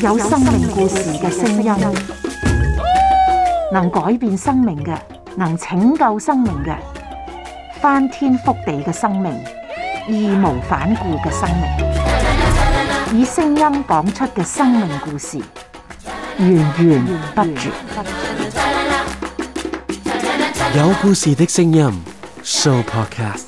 有生命故事嘅聲音，能改變生命嘅，能拯救生命嘅，翻天覆地嘅生命，義無反顧嘅生命，以聲音講出嘅生命故事，源源不絕。有故事嘅聲音，Show Podcast。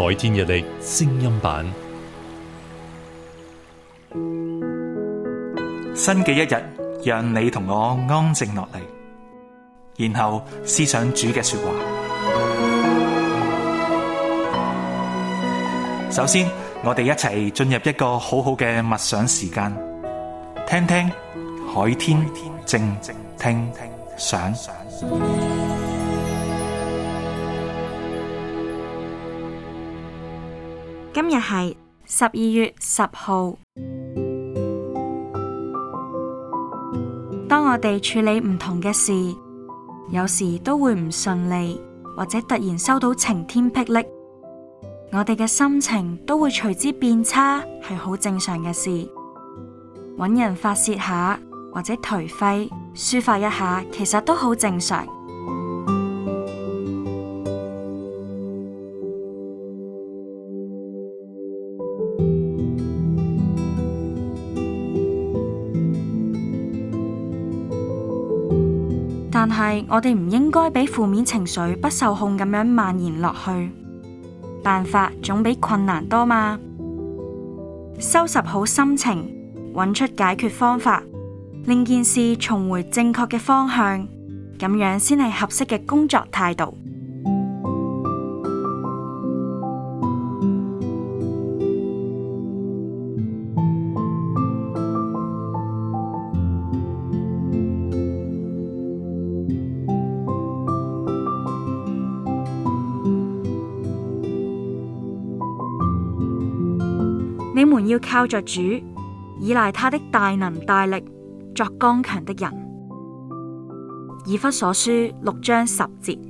海天日曆聲音版，新嘅一日，讓你同我安靜落嚟，然後思想主嘅說話。首先，我哋一齊進入一個好好嘅默想時間，聽聽海天，靜靜聽聽想。今日係十二月十號。當我哋處理唔同嘅事，有時都會唔順利，或者突然收到晴天霹靂。我哋嘅心情都會隨之變差，係好正常嘅事。揾人發洩下，或者頹廢，抒發一下，其實都好正常。但係我哋唔應該俾負面情緒不受控咁樣蔓延落去，辦法總比困難多嘛。收拾好心情，揾出解決方法，令件事重回正確嘅方向，咁樣先係合適嘅工作態度。你們要靠着主，倚賴他的大能大力，作剛強的人。以弗所書六章十節。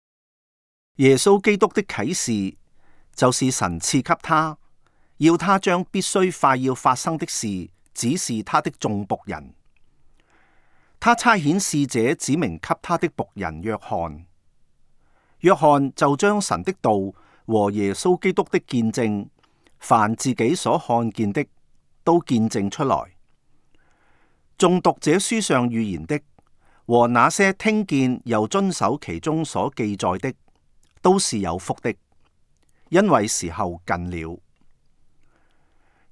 耶穌基督的啟示，就是神賜給他，要他將必須快要發生的事指示他的眾僕人。他差遣使者指明給他的僕人約翰，約翰就將神的道和耶穌基督的見證，凡自己所看見的都見證出來。眾讀者書上預言的和那些聽見又遵守其中所記載的。都是有福的，因為時候近了。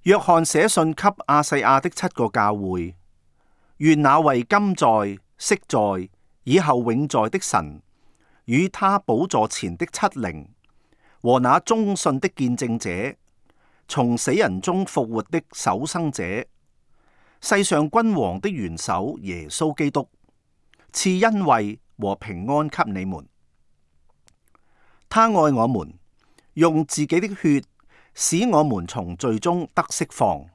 約翰寫信給亞細亞的七個教會，願那位今在、昔在、以後永在的神，與他寶座前的七靈，和那忠信的見證者，從死人中復活的首生者，世上君王的元首耶穌基督，賜恩惠和平安給你們。他愛我們，用自己的血使我們從罪中得釋放，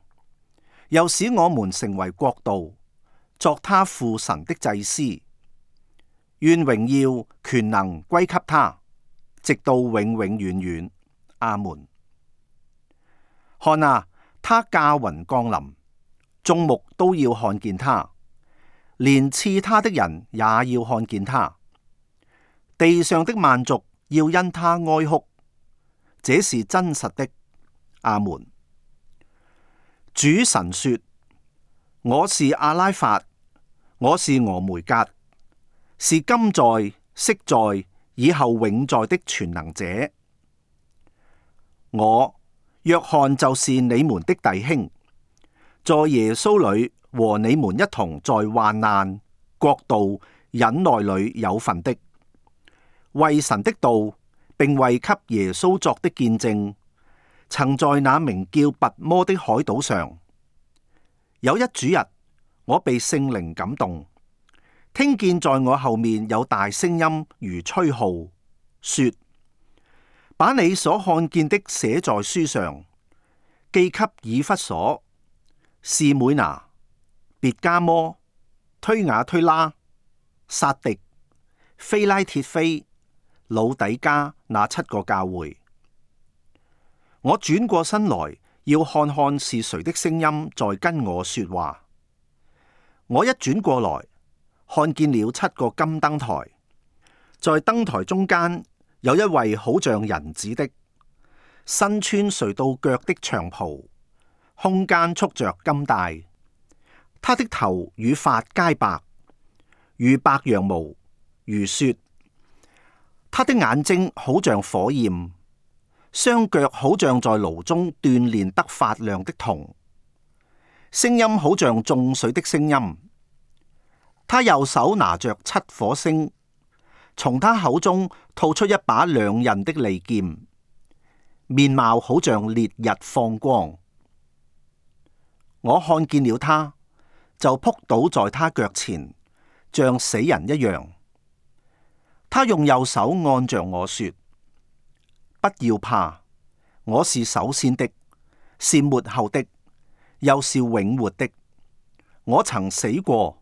又使我們成為國度，作他父神的祭司。願榮耀權能歸給他，直到永永遠遠。阿門。看啊，他駕雲降臨，眾目都要看見他，連刺他的人也要看見他。地上的萬族。要因他哀哭，這是真實的。阿門。主神說：我是阿拉法，我是俄梅格，是今在、昔在、以後永在的全能者。我約翰就是你們的弟兄，在耶穌裏和你們一同在患難、國度、忍耐裏有份的。為神的道，並為給耶穌作的見證，曾在那名叫拔摩的海島上，有一主日，我被聖靈感動，聽見在我後面有大聲音如吹號，說：把你所看見的寫在書上，寄給以弗所、士每拿、別迦摩、推雅推拉、撒狄、非拉鐵非。老底家那七個教會，我轉過身來要看看是誰的聲音在跟我說話。我一轉過來，看見了七個金燈台，在燈台中間有一位好像人子的，身穿垂到腳的長袍，胸間束着金帶，他的頭與髮皆白，如白羊毛，如雪。他的眼睛好像火焰，雙腳好像在爐中鍛鍊得發亮的銅，聲音好像眾水的聲音。他右手拿着七火星，從他口中吐出一把兩刃的利劍，面貌好像烈日放光。我看見了他，就撲倒在他腳前，像死人一樣。他用右手按着我說：不要怕，我是首先的，是末後的，又是永活的。我曾死過，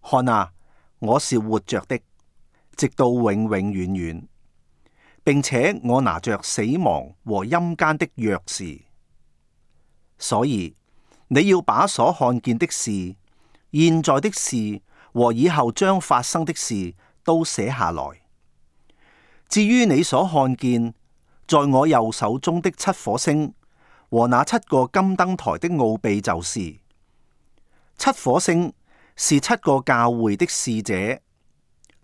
看啊，我是活着的，直到永永遠遠，並且我拿着死亡和陰間的鑰匙。所以你要把所看見的事、現在的事和以後將發生的事。都寫下來。至於你所看見在我右手中的七火星和那七個金燈台的奧秘，就是七火星是七個教會的使者，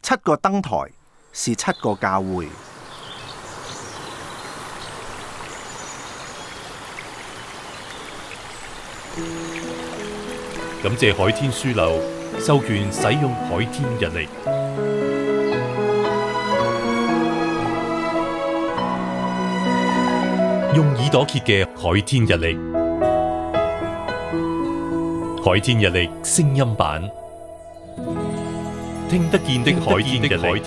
七個燈台是七個教會。感謝海天書樓授權使用海天日曆。用耳朵揭嘅《海天日曆》，《海天日曆》聲音版，聽得見的《海天日曆》。